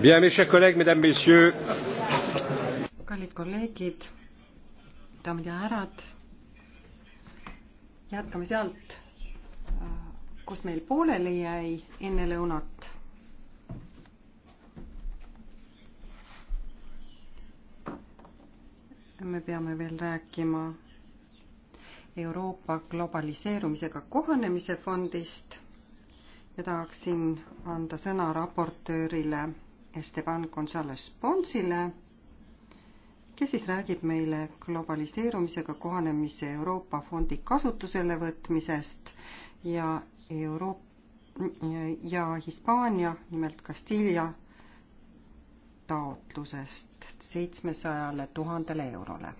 Bien, mes chers collègues, mesdames, messieurs. kallid kolleegid, daamid ja härrad, jätkame sealt, äh, kus meil pooleli jäi enne lõunat. me peame veel rääkima Euroopa globaliseerumisega kohanemise fondist ja tahaksin anda sõna raportöörile Esteban Gonzalez Ponsile, kes siis räägib meile globaliseerumisega kohanemise Euroopa fondi kasutusele võtmisest ja Euroop- ja Hispaania, nimelt Castilla taotlusest seitsmesajale tuhandele eurole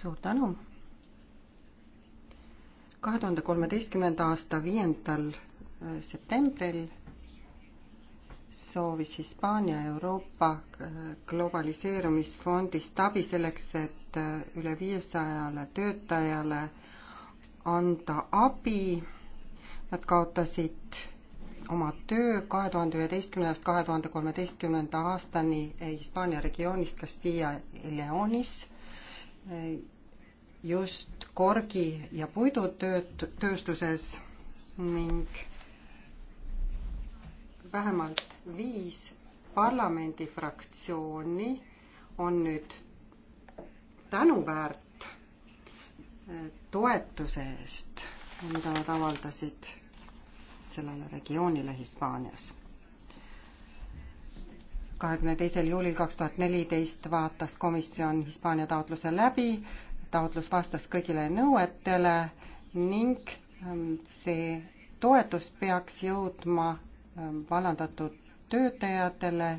suur tänu. kahe tuhande kolmeteistkümnenda aasta viiendal äh, septembril soovis Hispaania Euroopa äh, globaliseerumisfondist abi selleks, et äh, üle viiesajale töötajale anda abi. Nad kaotasid oma töö kahe tuhande üheteistkümnendast kahe tuhande kolmeteistkümnenda aastani Hispaania regioonist Castilla Leonis just korgi- ja puidutööstuses ning vähemalt viis parlamendifraktsiooni on nüüd tänuväärt eh, toetuse eest, mida nad avaldasid sellele regioonile Hispaanias. kahekümne teisel juulil kaks tuhat neliteist vaatas komisjon Hispaania taotluse läbi taotlus vastas kõigile nõuetele ning ähm, see toetus peaks jõudma ähm, vallandatud töötajatele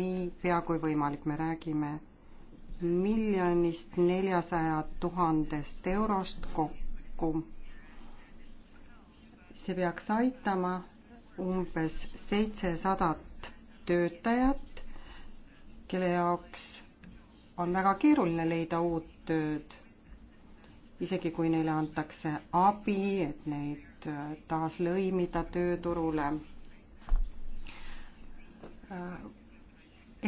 niipea kui võimalik, me räägime miljonist neljasaja tuhandest eurost kokku. see peaks aitama umbes seitsesadat töötajat, kelle jaoks on väga keeruline leida uut tööd isegi kui neile antakse abi, et neid äh, taas lõimida tööturule. Äh,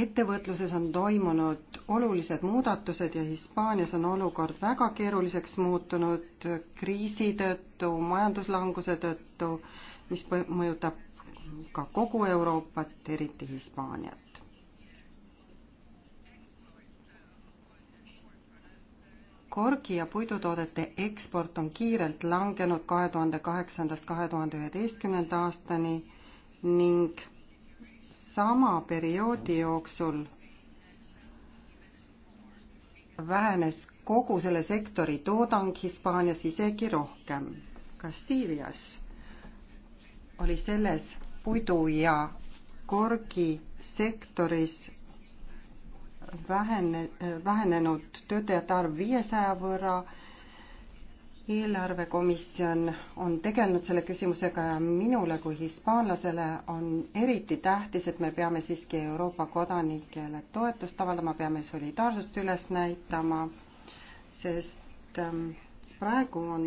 ettevõtluses on toimunud olulised muudatused ja Hispaanias on olukord väga keeruliseks muutunud kriisi tõttu, majanduslanguse tõttu, mis mõjutab ka kogu Euroopat, eriti Hispaaniat korgi ja puidutoodete eksport on kiirelt langenud kahe tuhande kaheksandast kahe tuhande üheteistkümnenda aastani ning sama perioodi jooksul vähenes kogu selle sektori toodang Hispaanias isegi rohkem. Kastiilias oli selles puidu ja korgisektoris vähene, vähenenud töötajate arv viiesaja võrra. eelarvekomisjon on tegelenud selle küsimusega ja minule kui hispaanlasele on eriti tähtis, et me peame siiski Euroopa kodanikele toetust avaldama, peame solidaarsust üles näitama, sest ähm, praegu on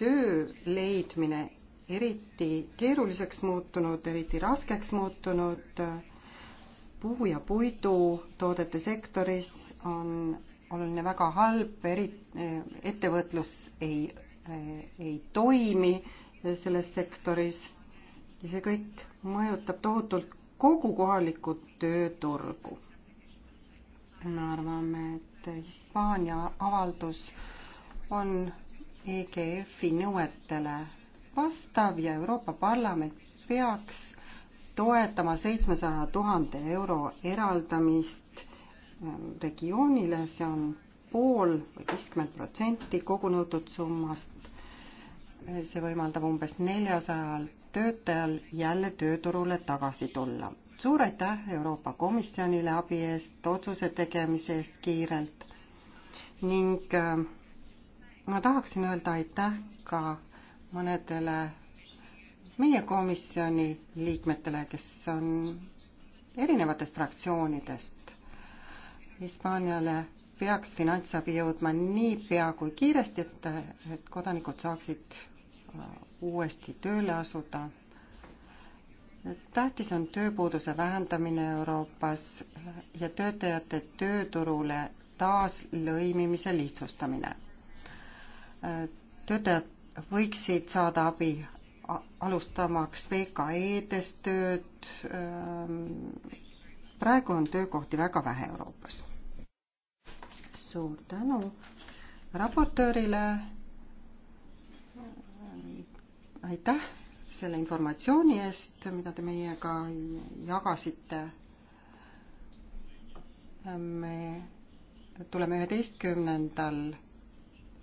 töö leidmine eriti keeruliseks muutunud, eriti raskeks muutunud puu- ja puidutoodete sektoris on oluline väga halb, eri, ettevõtlus ei, ei toimi selles sektoris ja see kõik mõjutab tohutult kogu kohalikku tööturgu. me arvame, et Hispaania avaldus on EGF-i nõuetele vastav ja Euroopa Parlament peaks toetama seitsmesaja tuhande euro eraldamist ähm, regioonile, see on pool või viiskümmend protsenti kogu nõutud summast. see võimaldab umbes neljasajal töötajal jälle tööturule tagasi tulla. suur aitäh Euroopa Komisjonile abi eest, otsuse tegemise eest kiirelt ning ähm, ma tahaksin öelda aitäh ka mõnedele meie komisjoni liikmetele, kes on erinevatest fraktsioonidest. Hispaaniale peaks finantsabi jõudma niipea kui kiiresti, et, et kodanikud saaksid äh, uuesti tööle asuda. tähtis on tööpuuduse vähendamine Euroopas äh, ja töötajate tööturule taaslõimimise lihtsustamine. Äh, töötajad võiksid saada abi alustamaks VKE-des tööd. Ähm, praegu on töökohti väga vähe Euroopas. suur tänu raportöörile. aitäh selle informatsiooni eest, mida te meiega jagasite. Ähm, me tuleme üheteistkümnendal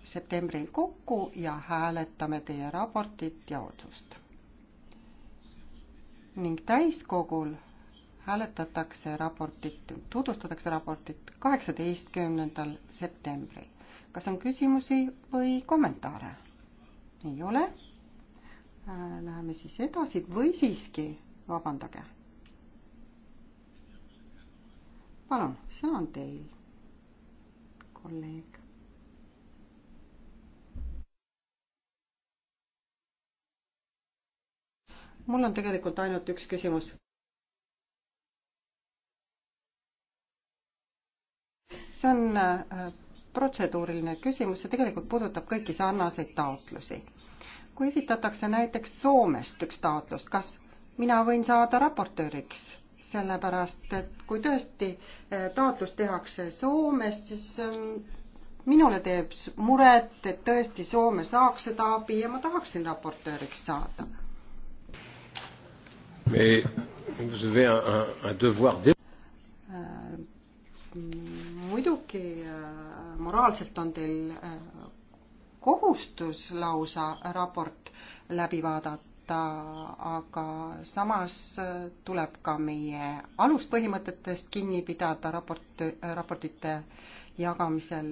septembril kokku ja hääletame teie raportit ja otsust. ning täiskogul hääletatakse raportit, tutvustatakse raportit kaheksateistkümnendal septembril. kas on küsimusi või kommentaare? ei ole? Läheme siis edasi või siiski, vabandage. palun, sõna on teil, kolleeg. mul on tegelikult ainult üks küsimus. see on äh, protseduuriline küsimus, see tegelikult puudutab kõiki sarnaseid taotlusi. kui esitatakse näiteks Soomest üks taotlus, kas mina võin saada raportööriks, sellepärast et kui tõesti äh, taotlus tehakse Soomest, siis ähm, minule teeb muret, et tõesti Soome saaks seda abi ja ma tahaksin raportööriks saada Mais vous avez un, un, un devoir de... Äh, muidugi äh, moraalselt on teil äh, kohustus lausa raport läbi vaadata, aga samas tuleb ka meie aluspõhimõtetest kinni pidada raport, raportite jagamisel.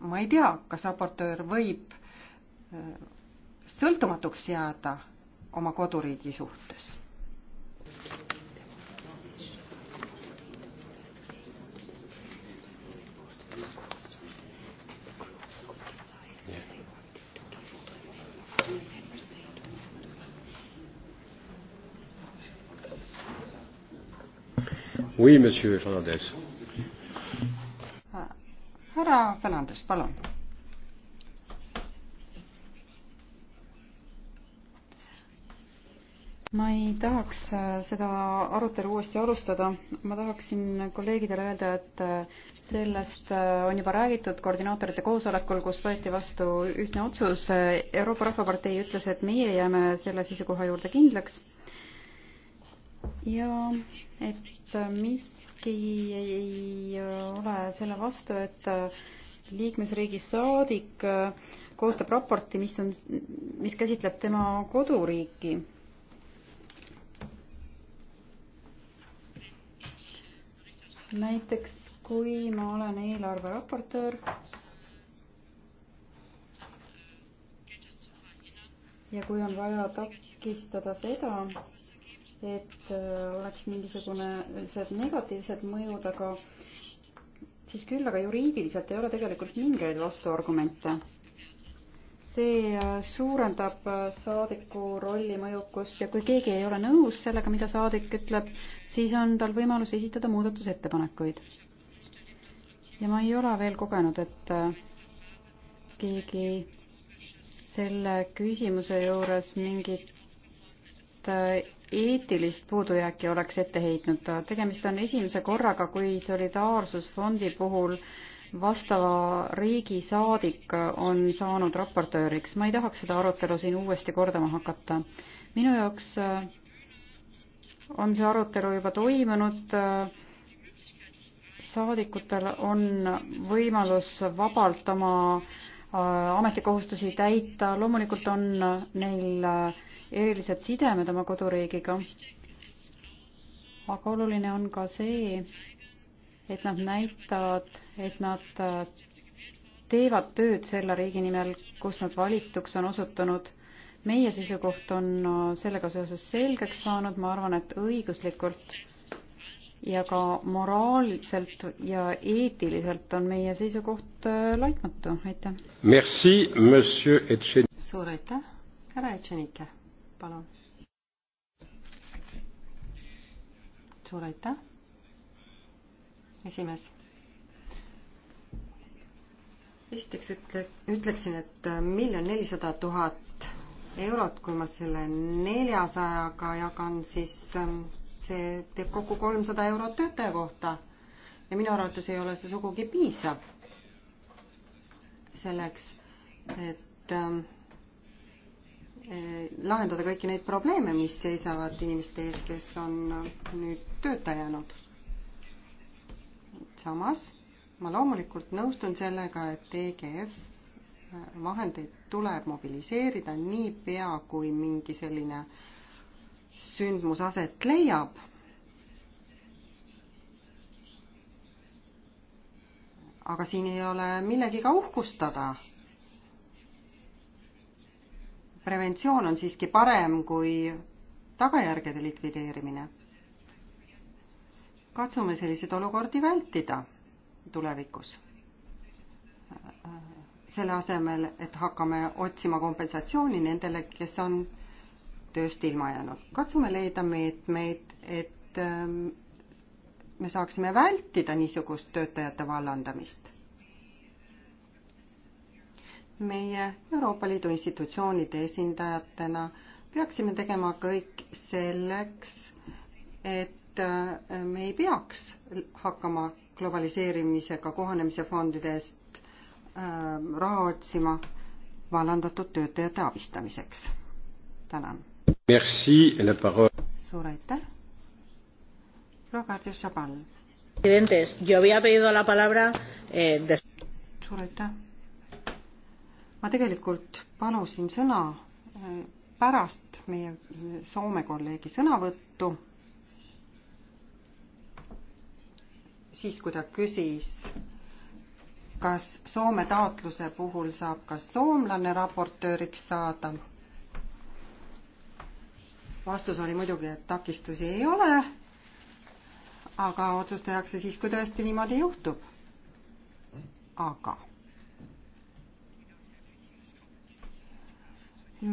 ma ei tea, kas raportöör võib sõltumatuks jääda oma koduriigi suhtes. Oui, monsieur Fernandez. härra Fernandes, palun ma ei tahaks äh, seda arutelu uuesti alustada, ma tahaksin kolleegidele öelda, et äh, sellest äh, on juba räägitud koordinaatorite koosolekul, kus võeti vastu ühtne otsus. Euroopa Rahvapartei ütles, et meie jääme selle seisukoha juurde kindlaks. ja et miski ei ole selle vastu, et liikmesriigi saadik koostab raporti, mis on, mis käsitleb tema koduriiki näiteks kui ma olen eelarve raportöör ja kui on vaja takistada seda, et äh, oleks mingisugused äh, negatiivsed mõjud, aga siis küll, aga juriidiliselt ei ole tegelikult mingeid vastuargumente see äh, suurendab äh, saadiku rolli mõjukust ja kui keegi ei ole nõus sellega, mida saadik ütleb, siis on tal võimalus esitada muudatusettepanekuid. ja ma ei ole veel kogenud, et äh, keegi selle küsimuse juures mingit eetilist puudujääki oleks ette heitnud. tegemist on esimese korraga, kui solidaarsusfondi puhul äh, vastava riigi saadik on saanud raportööriks. ma ei tahaks seda arutelu siin uuesti kordama hakata. minu jaoks äh, on see arutelu juba toimunud. saadikutel on võimalus vabalt oma äh, ametikohustusi täita, loomulikult on neil äh, erilised sidemed oma koduriigiga. aga oluline on ka see, et nad näitavad, et nad äh, teevad tööd selle riigi nimel, kus nad valituks on osutunud. meie seisukoht on äh, sellega seoses selgeks saanud, ma arvan, et õiguslikult ja ka moraalselt ja eetiliselt on meie seisukoht äh, laitmatu, aitäh. Merci, monsieur Etchen-. suur aitäh, härra Etšenike, palun. suur aitäh esimees. esiteks ütle, ütleksin, et äh, miljon nelisada tuhat eurot, kui ma selle neljasajaga jagan, siis ähm, see teeb kokku kolmsada eurot töötaja kohta. ja minu arvates ei ole see sugugi piisav selleks, et ähm, äh, lahendada kõiki neid probleeme, mis seisavad inimeste ees, kes on äh, nüüd tööta jäänud samas ma loomulikult nõustun sellega, et EGF vahendeid tuleb mobiliseerida niipea, kui mingi selline sündmus aset leiab. aga siin ei ole millegiga uhkustada. preventsioon on siiski parem kui tagajärgede likvideerimine katsume selliseid olukordi vältida tulevikus. selle asemel, et hakkame otsima kompensatsiooni nendele, kes on tööst ilma jäänud. katsume leida meetmeid, et ähm, me saaksime vältida niisugust töötajate vallandamist. meie Euroopa Liidu institutsioonide esindajatena peaksime tegema kõik selleks, et et äh, me ei peaks hakkama globaliseerimisega kohanemise fondidest äh, raha otsima vallandatud töötajate abistamiseks. tänan. suur aitäh. Roberto Sabal. Eh, suur aitäh. ma tegelikult palusin sõna äh, pärast meie Soome kolleegi sõnavõttu siis, kui ta küsis, kas Soome taotluse puhul saab ka soomlane raportööriks saada. vastus oli muidugi, et takistusi ei ole. aga otsus tehakse siis, kui tõesti niimoodi juhtub. aga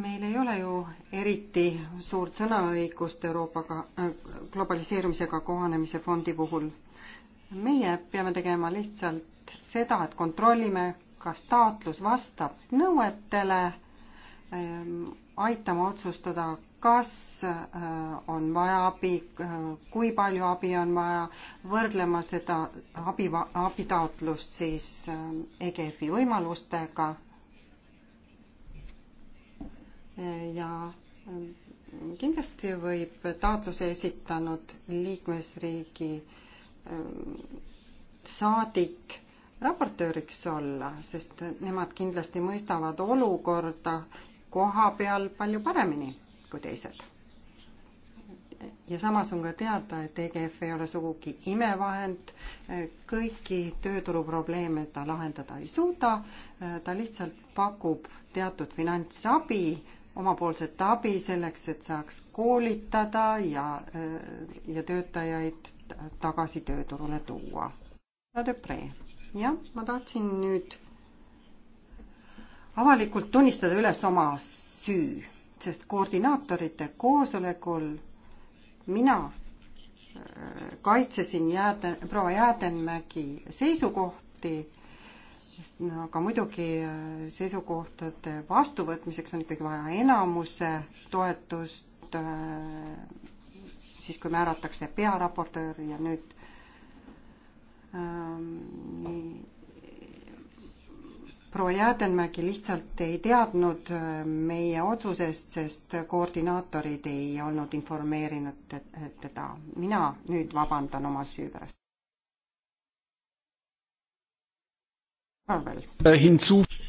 meil ei ole ju eriti suurt sõnaõigust Euroopaga, äh, globaliseerumisega kohanemise fondi puhul meie peame tegema lihtsalt seda, et kontrollime, kas taotlus vastab nõuetele, ehm, aitama otsustada, kas eh, on vaja abi, eh, kui palju abi on vaja, võrdlema seda abi, abitaotlust siis EGF-i eh, e võimalustega ja kindlasti võib taotluse esitanud liikmesriigi äh, saadik raportööriks olla, sest nemad kindlasti mõistavad olukorda koha peal palju paremini kui teised. ja samas on ka teada, et EGF ei ole sugugi imevahend, kõiki tööturuprobleeme ta lahendada ei suuda, ta lihtsalt pakub teatud finantsabi omapoolset abi selleks, et saaks koolitada ja, äh, ja töötajaid tagasi tööturule tuua. jah, ma tahtsin nüüd avalikult tunnistada üles oma süü, sest koordinaatorite koosolekul mina äh, kaitsesin jääde, proua Jäädenmägi seisukohti aga muidugi äh, seisukohtade vastuvõtmiseks on ikkagi vaja enamuse toetust, äh, siis kui määratakse pearaportöör ja nüüd ähm, proua Jäädenmägi lihtsalt ei teadnud äh, meie otsusest, sest koordinaatorid ei olnud informeerinud teda. mina nüüd vabandan oma süü pärast. Äh,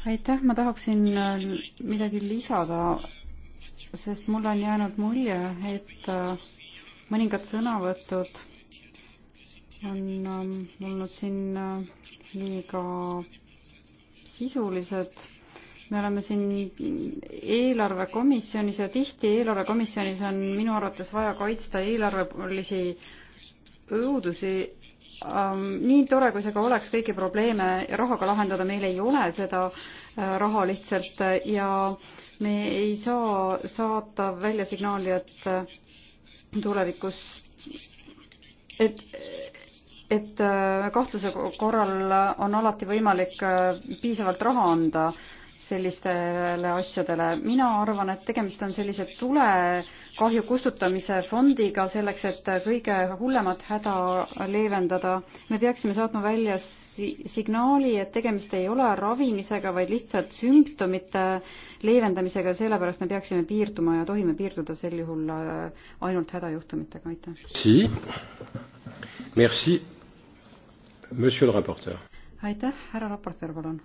aitäh, ma tahaksin äh, midagi lisada, sest mulle on jäänud mulje, et äh, mõningad sõnavõtud on olnud ähm, siin liiga sisulised me oleme siin eelarvekomisjonis ja tihti eelarvekomisjonis on minu arvates vaja kaitsta eelarvelisi õudusi Ähm, nii tore, kui see ka oleks, kõiki probleeme rahaga lahendada, meil ei ole seda äh, raha lihtsalt äh, ja me ei saa saata välja signaali, et äh, tulevikus, et, et kahtluse korral on alati võimalik piisavalt raha anda sellistele asjadele. mina arvan, et tegemist on sellise tulekahju kustutamise fondiga selleks, et kõige hullemat häda leevendada. me peaksime saatma välja signaali, et tegemist ei ole ravimisega, vaid lihtsalt sümptomite leevendamisega ja sellepärast me peaksime piirduma ja tohime piirduda sel juhul äh, ainult hädajuhtumitega, aitäh. Si, merci, monsieur le raporteur. aitäh, härra raportöör, palun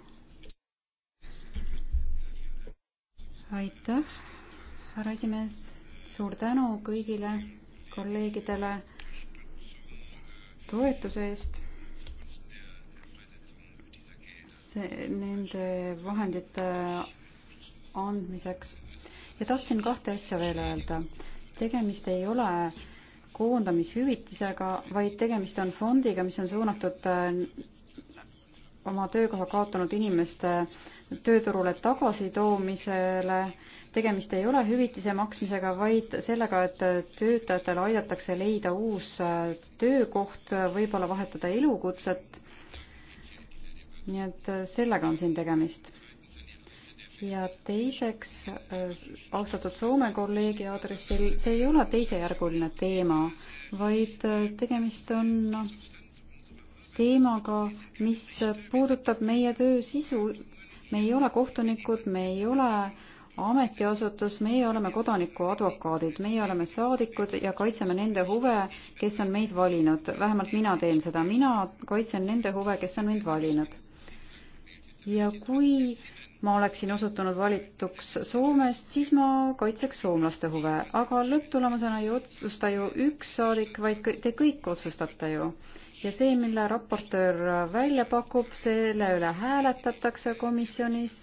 aitäh, härra esimees, suur tänu kõigile kolleegidele toetuse eest. Nende vahendite andmiseks ja tahtsin kahte asja veel öelda. tegemist ei ole koondamishüvitisega, vaid tegemist on fondiga, mis on suunatud oma töökoha kaotanud inimeste tööturule tagasitoomisele. tegemist ei ole hüvitise maksmisega, vaid sellega, et töötajatele aidatakse leida uus töökoht, võib-olla vahetada elukutset. nii et sellega on siin tegemist ja teiseks austatud Soome kolleegi aadressil, see ei ole teisejärguline teema, vaid tegemist on teemaga, mis puudutab meie töö sisu. me ei ole kohtunikud, me ei ole ametiasutus, meie oleme kodanikuadvokaadid, meie oleme saadikud ja kaitseme nende huve, kes on meid valinud. vähemalt mina teen seda, mina kaitsen nende huve, kes on mind valinud. ja kui ma oleksin osutunud valituks Soomest, siis ma kaitseks soomlaste huve, aga lõpptulemusena ei otsusta ju üks saadik, vaid te kõik otsustate ju ja see, mille raportöör välja pakub, selle üle hääletatakse komisjonis.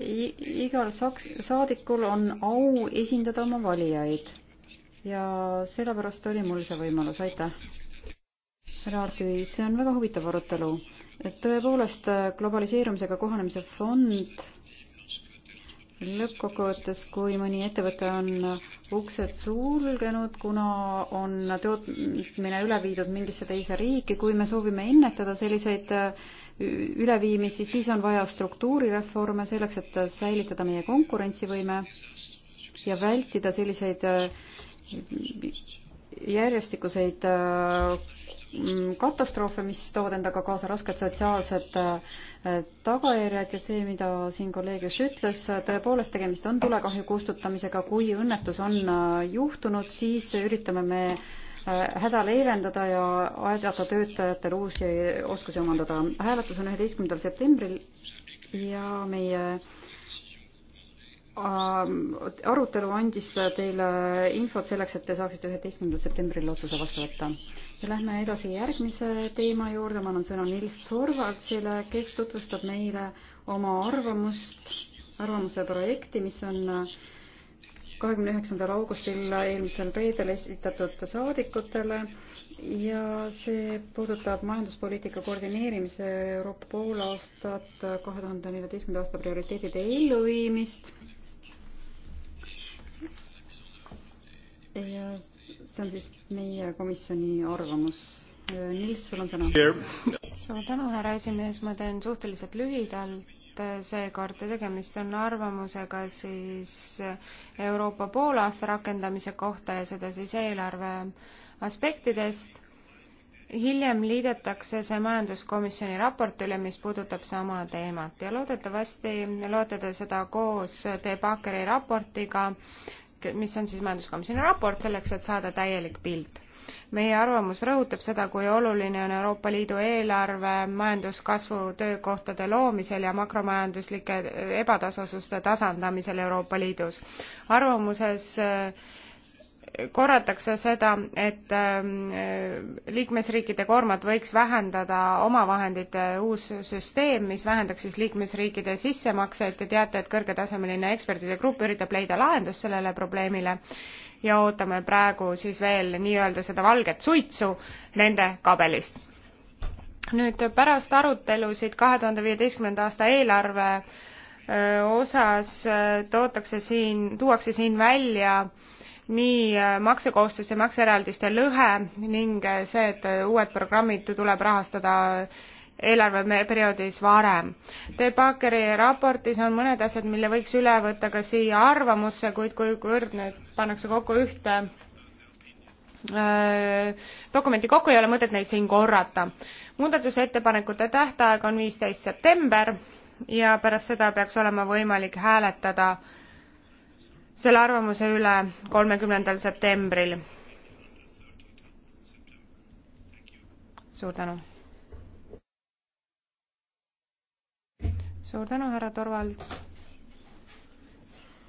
igal saks-, saadikul on au esindada oma valijaid ja sellepärast oli mul see võimalus, aitäh. härra Artüi, see on väga huvitav arutelu. tõepoolest, globaliseerumisega kohanemise fond lõppkokkuvõttes, kui mõni ettevõte on uksed sulgenud, kuna on tootmine üle viidud mingisse teise riiki, kui me soovime ennetada selliseid üleviimisi, siis on vaja struktuurireforme selleks, et säilitada meie konkurentsivõime ja vältida selliseid järjestikuseid Mm, katastroofe, mis toovad endaga kaasa rasked sotsiaalsed äh, tagajärjed ja see, mida siin kolleeg just ütles, tõepoolest tegemist on tulekahju kustutamisega, kui õnnetus on äh, juhtunud, siis üritame me äh, häda leevendada ja aidata töötajatel uusi oskusi omandada. hääletus on üheteistkümnendal septembril ja meie arutelu andis teile infot selleks, et te saaksite üheteistkümnendal septembril otsuse vastu võtta. ja lähme edasi järgmise teema juurde, ma annan sõna Nils Torvaldsile, kes tutvustab meile oma arvamust, arvamuse projekti, mis on kahekümne üheksandal augustil eelmisel reedel esitatud saadikutele ja see puudutab majanduspoliitika koordineerimise Euroopa poolaastat, kahe tuhande neljateistkümnenda aasta prioriteetide elluviimist ja see on siis meie komisjoni arvamus. Nils, sul on sõna. suur tänu, härra esimees, ma teen suhteliselt lühidalt seekord tegemist on arvamusega siis Euroopa poolaasta rakendamise kohta ja seda siis eelarve aspektidest. hiljem liidetakse see majanduskomisjoni raportile, mis puudutab sama teemat ja loodetavasti loete te seda koos De Bakeri raportiga mis on siis majanduskomisjoni raport, selleks et saada täielik pilt. meie arvamus rõhutab seda, kui oluline on Euroopa Liidu eelarve majanduskasvu töökohtade loomisel ja makromajanduslike ebatasasuste tasandamisel Euroopa Liidus. arvamuses äh, korratakse seda, et ähm, liikmesriikide koormat võiks vähendada omavahendite uus süsteem, mis vähendaks siis liikmesriikide sissemakseid. Te teate, et kõrgetasemeline ekspertide grupp üritab leida lahendust sellele probleemile ja ootame praegu siis veel nii-öelda seda valget suitsu nende kabelist. nüüd pärast arutelusid kahe tuhande viieteistkümnenda aasta eelarve äh, osas äh, tootakse siin, tuuakse siin välja äh, nii äh, maksekohustuste, makseeraldiste lõhe ning äh, see, et äh, uued programmid tuleb rahastada eelarveperioodis varem. De Bakeri raportis on mõned asjad, mille võiks üle võtta ka siia arvamusse, kuid kuivõrd need pannakse kokku ühte öö, dokumenti kokku, ei ole mõtet neid siin korrata. muudatusettepanekute tähtaeg on viisteist september ja pärast seda peaks olema võimalik hääletada äh, selle arvamuse üle kolmekümnendal septembril. suur tänu. suur tänu, härra Torvalds,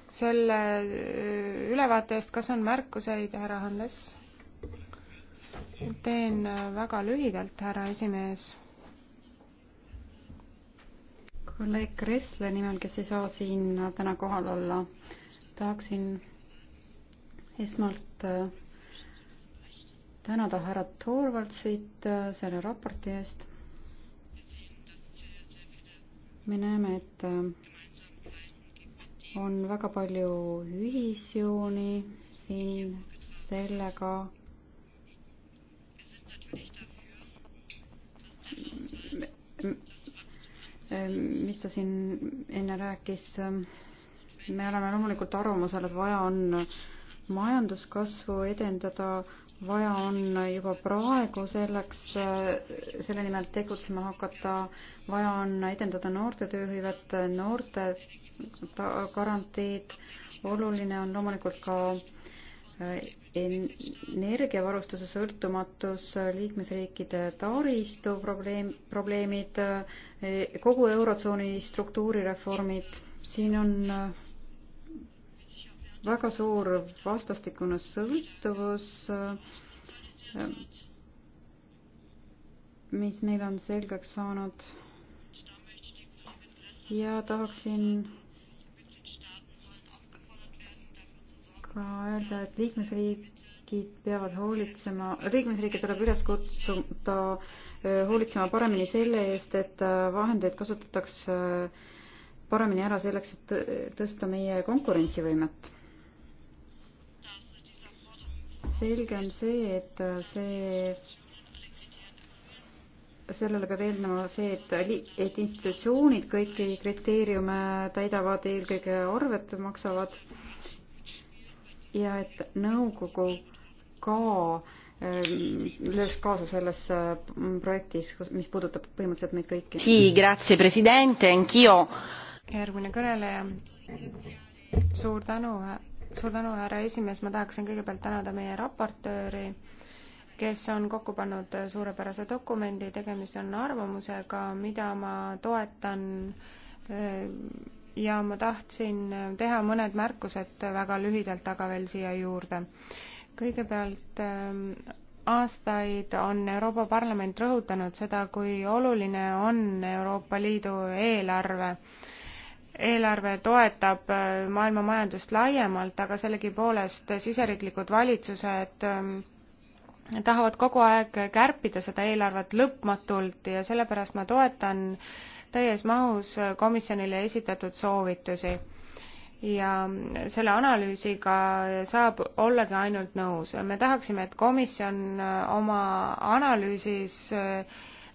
selle äh, ülevaate eest. kas on märkuseid, härra Hannes? teen äh, väga lühidalt, härra esimees kolleeg Kressle nimel, kes ei saa siin täna kohal olla tahaksin esmalt äh, tänada härra Torvaldsit äh, selle raporti eest. me näeme, et äh, on väga palju ühisjooni siin sellega. mis ta siin enne rääkis me oleme loomulikult arvamusel, et vaja on majanduskasvu edendada, vaja on juba praegu selleks, selle nimel tegutsema hakata, vaja on edendada noorte tööhõivet, noorte garantiid, oluline on loomulikult ka eh, energiavarustuse sõltumatus, liikmesriikide taristu probleem, probleemid, eh, kogu Eurotsooni struktuurireformid, siin on väga suur vastastikune sõltuvus, mis meil on selgeks saanud. ja tahaksin ka öelda, et liikmesriigid peavad hoolitsema, liikmesriike tuleb üles kutsuda äh, hoolitsema paremini selle eest, et äh, vahendeid kasutatakse äh, paremini ära selleks, et tõsta meie konkurentsivõimet selge on see, et see sellele peab eelnema see, et, et institutsioonid kõiki kriteeriume täidavad, eelkõige arved maksavad ja et nõukogu ka ehm, lööks kaasa selles projektis, mis puudutab põhimõtteliselt meid kõiki. Sii, grazie presidente, anch'io. järgmine kõneleja. suur tänu suur tänu, härra esimees, ma tahaksin kõigepealt tänada meie raportööri, kes on kokku pannud suurepärase dokumendi, tegemist on arvamusega, mida ma toetan ja ma tahtsin teha mõned märkused väga lühidalt, aga veel siia juurde. kõigepealt aastaid on Euroopa Parlament rõhutanud seda, kui oluline on Euroopa Liidu eelarve eelarve toetab äh, maailma majandust laiemalt, aga sellegipoolest siseriiklikud valitsused ähm, tahavad kogu aeg kärpida seda eelarvet lõpmatult ja sellepärast ma toetan täies mahus komisjonile esitatud soovitusi ja selle analüüsiga saab ollagi ainult nõus. me tahaksime, et komisjon äh, oma analüüsis äh,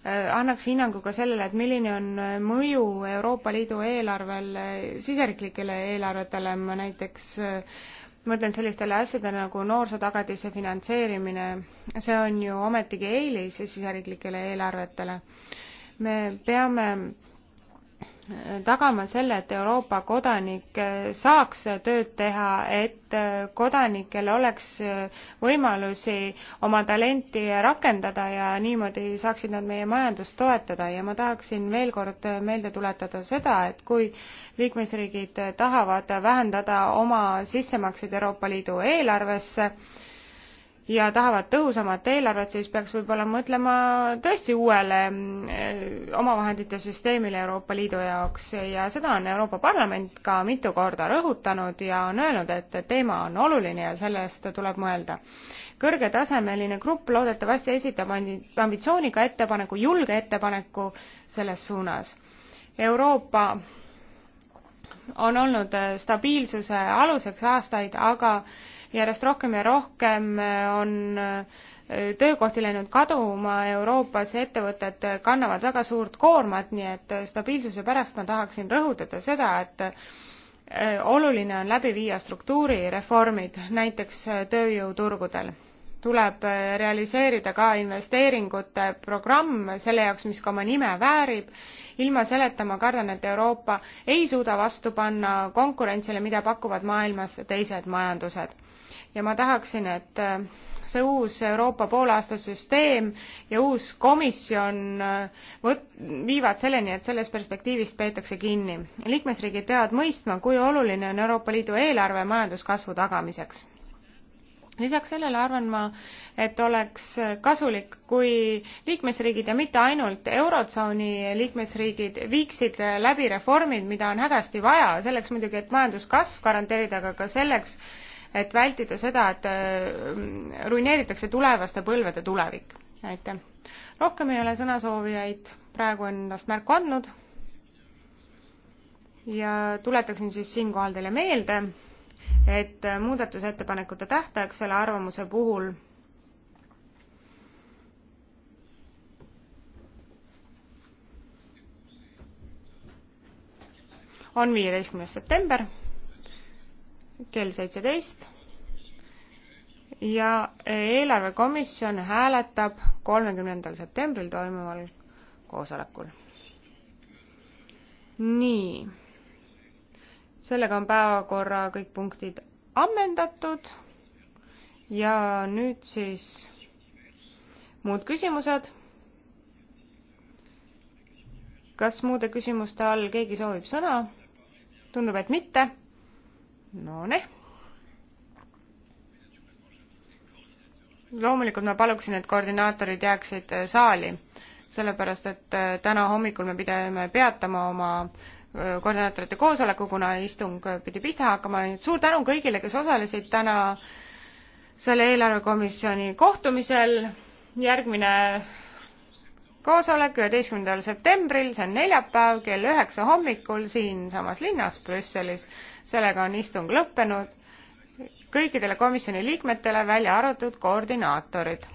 Äh, annaks hinnangu ka sellele, et milline on äh, mõju Euroopa Liidu eelarvel äh, siseriiklikele eelarvetele, ma näiteks mõtlen sellistele asjadele nagu noorsootagatise finantseerimine, see on ju ometigi eelis siseriiklikele eelarvetele. me peame tagama selle, et Euroopa kodanik äh, saaks tööd teha, et äh, kodanikel oleks äh, võimalusi oma talenti rakendada ja niimoodi saaksid nad meie majandust toetada ja ma tahaksin veel kord meelde tuletada seda, et kui liikmesriigid tahavad vähendada oma sissemakseid Euroopa Liidu eelarvesse, ja tahavad tõhusamat eelarvet, siis peaks võib-olla mõtlema tõesti uuele eh, omavahendite süsteemile Euroopa Liidu jaoks ja seda on Euroopa Parlament ka mitu korda rõhutanud ja on öelnud, et teema on oluline ja selle eest tuleb mõelda. kõrgetasemeline grupp loodetavasti esitab ambitsioonika ettepaneku, julge ettepaneku selles suunas. Euroopa on olnud stabiilsuse aluseks aastaid, aga järjest rohkem ja rohkem äh, on äh, töökohti läinud kaduma Euroopas, ettevõtted kannavad väga suurt koormat, nii et stabiilsuse pärast ma tahaksin rõhutada seda, et äh, oluline on läbi viia struktuurireformid, näiteks tööjõuturgudel tuleb realiseerida ka investeeringute programm selle jaoks, mis ka oma nime väärib. ilma selleta ma kardan, et Euroopa ei suuda vastu panna konkurentsile, mida pakuvad maailmas teised majandused ja ma tahaksin, et äh, see uus Euroopa poolaastasüsteem ja uus komisjon äh, võt-, viivad selleni, et sellest perspektiivist peetakse kinni. liikmesriigid peavad mõistma, kui oluline on Euroopa Liidu eelarve majanduskasvu tagamiseks. lisaks sellele arvan ma, et oleks kasulik, kui liikmesriigid ja mitte ainult Eurotsooni liikmesriigid viiksid läbi reformid, mida on hädasti vaja, selleks muidugi, et majanduskasv garanteerida, aga ka selleks, et vältida seda, et äh, ruineeritakse tulevaste põlvede tulevik. aitäh. rohkem ei ole sõnasoovijaid praegu endast märku andnud. ja tuletaksin siis siinkohal teile meelde, et äh, muudatusettepanekute tähtaeg selle arvamuse puhul on viieteistkümnes september kell seitseteist ja eelarvekomisjon hääletab kolmekümnendal septembril toimuval koosolekul. nii, sellega on päevakorra kõik punktid ammendatud ja nüüd siis muud küsimused. kas muude küsimuste all keegi soovib sõna? tundub, et mitte no nii. loomulikult ma paluksin, et koordinaatorid jääksid äh, saali, sellepärast et äh, täna hommikul me pidime peatama oma äh, koordinaatorite koosoleku, kuna istung pidi pihta hakkama, nii et suur tänu kõigile, kes osalesid täna selle eelarvekomisjoni kohtumisel. järgmine koosolek üheteistkümnendal septembril, see on neljapäev kell üheksa hommikul siinsamas linnas Brüsselis sellega on istung lõppenud. kõikidele komisjoni liikmetele välja arvatud koordinaatorid.